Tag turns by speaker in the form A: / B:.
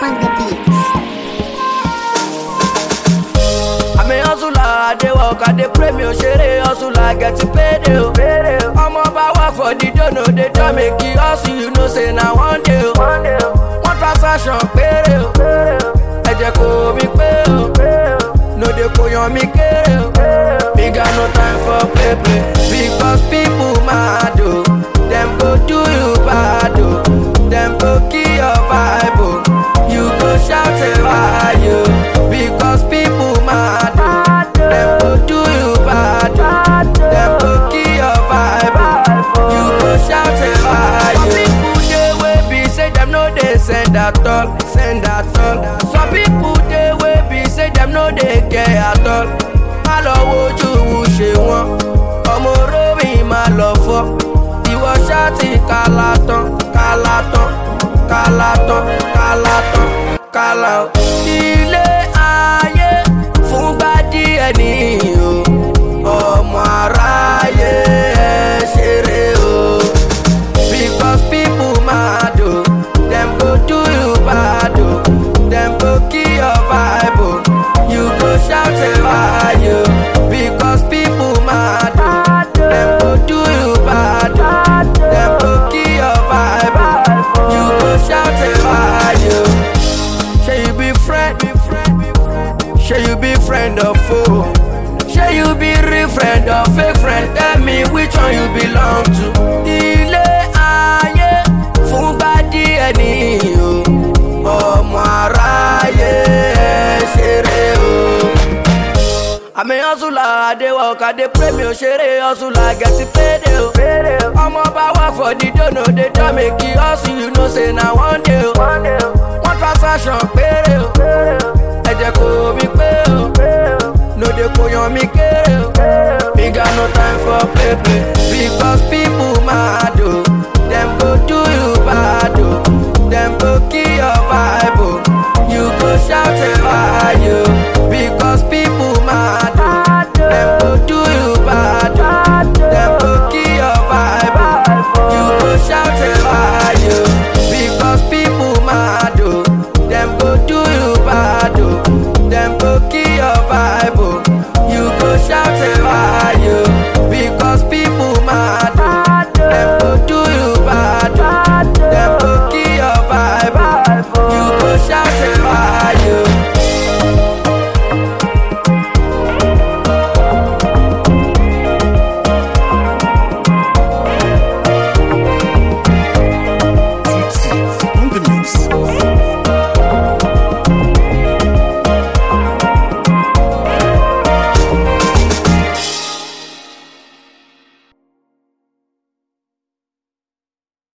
A: Funky beats. I'm a hustler, dey walk at the premium, share hustler, get to pay the I'm about work for the dono, they don't make you hustle, you know, say now one day. Oh. One transaction, pay the Eje ko mi pe o, oh. no de ko yan mi kere o. Me got no time for play play. tell why you because people mad dem go do you bad dem go kill your vibe you go shout tell why you. some people dey wey be say dem no dey send at all send at all some people dey wey be say dem no dey care at all má lọ wojú ṣe wọn ọmọ orórìn máa lọ fọ ìwọ ṣáàtì kálátán kálátán kálátán kálátán. call out. Shall you be friend or foe? Shall you be real friend or fake friend? Tell me which one you belong to. Ilé ayé fún gba díẹ̀ ní o, ọmọ aráyé ṣeré o. Àmì ọ̀ṣunlá Adéwọ̀ká dé pé mi ò ṣeré ọ̀ṣunlá gẹ̀tì péde o. Ọmọ bá wà for the dono dey tell me kí ọ̀ṣun you know say na one day o. One transaction pé. Because people mad, oh. Them go do you bad, oh. Them go kill your Bible, oh. You go shout and you.